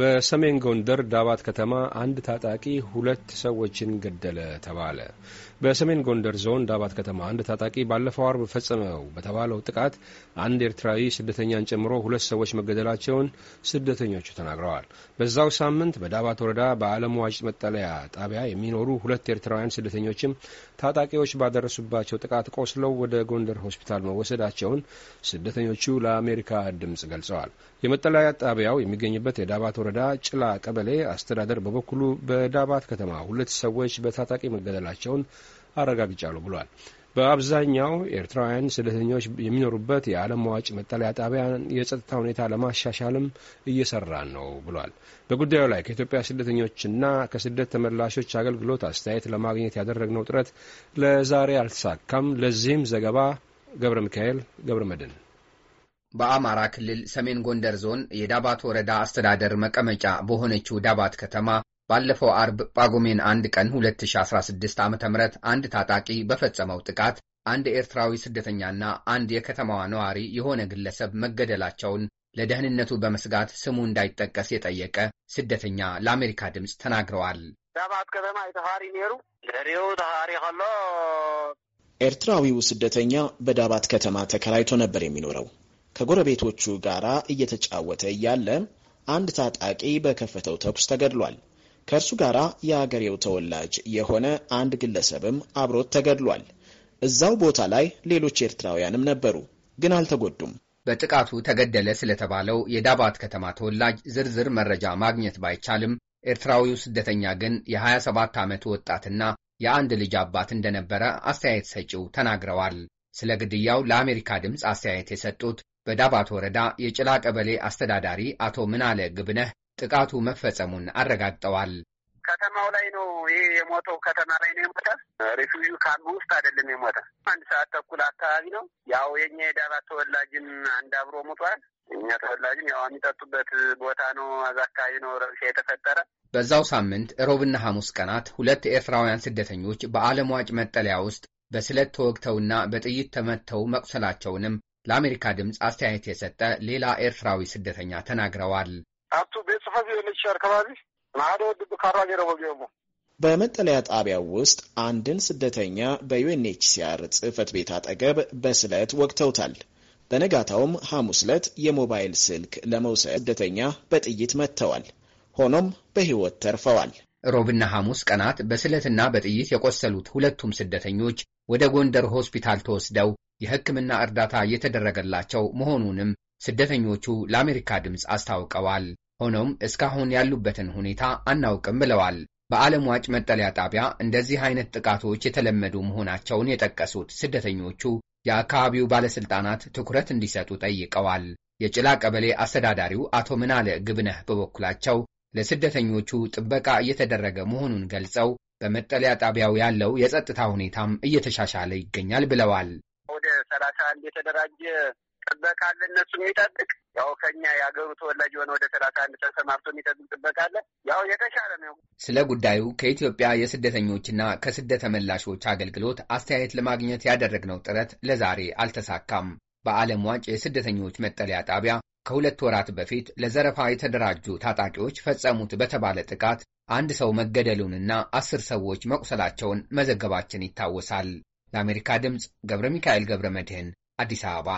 በሰሜን ጎንደር ዳባት ከተማ አንድ ታጣቂ ሁለት ሰዎችን ገደለ ተባለ። በሰሜን ጎንደር ዞን ዳባት ከተማ አንድ ታጣቂ ባለፈው አርብ ፈጸመው በተባለው ጥቃት አንድ ኤርትራዊ ስደተኛን ጨምሮ ሁለት ሰዎች መገደላቸውን ስደተኞቹ ተናግረዋል። በዛው ሳምንት በዳባት ወረዳ በአለም ዋጭ መጠለያ ጣቢያ የሚኖሩ ሁለት ኤርትራውያን ስደተኞችም ታጣቂዎች ባደረሱባቸው ጥቃት ቆስለው ወደ ጎንደር ሆስፒታል መወሰዳቸውን ስደተኞቹ ለአሜሪካ ድምጽ ገልጸዋል። የመጠለያ ጣቢያው የሚገኝበት የዳባት ወረዳ ጭላ ቀበሌ አስተዳደር በበኩሉ በዳባት ከተማ ሁለት ሰዎች በታጣቂ መገደላቸውን አረጋግጫለሁ ብሏል። በአብዛኛው ኤርትራውያን ስደተኞች የሚኖሩበት የዓለም መዋጭ መጠለያ ጣቢያ የጸጥታ ሁኔታ ለማሻሻልም እየሰራን ነው ብሏል። በጉዳዩ ላይ ከኢትዮጵያ ስደተኞችና ከስደት ተመላሾች አገልግሎት አስተያየት ለማግኘት ያደረግነው ጥረት ለዛሬ አልተሳካም። ለዚህም ዘገባ ገብረ ሚካኤል ገብረ መድን በአማራ ክልል ሰሜን ጎንደር ዞን የዳባት ወረዳ አስተዳደር መቀመጫ በሆነችው ዳባት ከተማ ባለፈው አርብ ጳጉሜን አንድ ቀን 2016 ዓ ም አንድ ታጣቂ በፈጸመው ጥቃት አንድ ኤርትራዊ ስደተኛና አንድ የከተማዋ ነዋሪ የሆነ ግለሰብ መገደላቸውን ለደህንነቱ በመስጋት ስሙ እንዳይጠቀስ የጠየቀ ስደተኛ ለአሜሪካ ድምፅ ተናግረዋል። ኤርትራዊው ስደተኛ በዳባት ከተማ ተከራይቶ ነበር የሚኖረው። ከጎረቤቶቹ ጋር እየተጫወተ እያለ አንድ ታጣቂ በከፈተው ተኩስ ተገድሏል። ከእርሱ ጋር የአገሬው ተወላጅ የሆነ አንድ ግለሰብም አብሮት ተገድሏል። እዛው ቦታ ላይ ሌሎች ኤርትራውያንም ነበሩ፣ ግን አልተጎዱም። በጥቃቱ ተገደለ ስለተባለው የዳባት ከተማ ተወላጅ ዝርዝር መረጃ ማግኘት ባይቻልም ኤርትራዊው ስደተኛ ግን የ27 ዓመቱ ወጣትና የአንድ ልጅ አባት እንደነበረ አስተያየት ሰጪው ተናግረዋል። ስለ ግድያው ለአሜሪካ ድምፅ አስተያየት የሰጡት በዳባት ወረዳ የጭላ ቀበሌ አስተዳዳሪ አቶ ምናለ ግብነህ ጥቃቱ መፈጸሙን አረጋግጠዋል። ከተማው ላይ ነው ይሄ የሞተው፣ ከተማ ላይ ነው የሞተ። ሪፊውጂ ካምፕ ውስጥ አይደለም የሞተ። አንድ ሰዓት ተኩል አካባቢ ነው። ያው የኛ የዳባት ተወላጅን አንድ አብሮ ሙቷል። እኛ ተወላጅን ያው የሚጠጡበት ቦታ ነው፣ አዛ አካባቢ ነው ረብሻ የተፈጠረ። በዛው ሳምንት ሮብና ሐሙስ ቀናት ሁለት ኤርትራውያን ስደተኞች በአለም ዋጭ መጠለያ ውስጥ በስለት ተወግተውና በጥይት ተመተው መቁሰላቸውንም ለአሜሪካ ድምፅ አስተያየት የሰጠ ሌላ ኤርትራዊ ስደተኛ ተናግረዋል። አቶ በመጠለያ ጣቢያው ውስጥ አንድን ስደተኛ በዩኤንኤችሲአር ጽህፈት ቤት አጠገብ በስለት ወቅተውታል። በነጋታውም ሐሙስ ዕለት የሞባይል ስልክ ለመውሰድ ስደተኛ በጥይት መጥተዋል። ሆኖም በሕይወት ተርፈዋል። ሮብና ሐሙስ ቀናት በስለትና በጥይት የቆሰሉት ሁለቱም ስደተኞች ወደ ጎንደር ሆስፒታል ተወስደው የሕክምና እርዳታ እየተደረገላቸው መሆኑንም ስደተኞቹ ለአሜሪካ ድምፅ አስታውቀዋል። ሆኖም እስካሁን ያሉበትን ሁኔታ አናውቅም ብለዋል። በዓለም ዋጭ መጠለያ ጣቢያ እንደዚህ አይነት ጥቃቶች የተለመዱ መሆናቸውን የጠቀሱት ስደተኞቹ የአካባቢው ባለሥልጣናት ትኩረት እንዲሰጡ ጠይቀዋል። የጭላ ቀበሌ አስተዳዳሪው አቶ ምናለ ግብነህ በበኩላቸው ለስደተኞቹ ጥበቃ እየተደረገ መሆኑን ገልጸው በመጠለያ ጣቢያው ያለው የጸጥታ ሁኔታም እየተሻሻለ ይገኛል ብለዋል። ወደ ሰላሳ አንድ የተደራጀ ጥበቃ አለ የሚጠብቅ ያው ከኛ የሀገሩ ተወላጅ የሆነ ወደ ሰላሳ አንድ ተሰማርቶ የሚጠቅም ጥበቃ አለ። ያው የተሻለ ነው። ስለ ጉዳዩ ከኢትዮጵያ የስደተኞችና ከስደት ተመላሾች አገልግሎት አስተያየት ለማግኘት ያደረግነው ጥረት ለዛሬ አልተሳካም። በዓለም ዋጭ የስደተኞች መጠለያ ጣቢያ ከሁለት ወራት በፊት ለዘረፋ የተደራጁ ታጣቂዎች ፈጸሙት በተባለ ጥቃት አንድ ሰው መገደሉንና አስር ሰዎች መቁሰላቸውን መዘገባችን ይታወሳል። ለአሜሪካ ድምፅ ገብረ ሚካኤል ገብረ መድህን አዲስ አበባ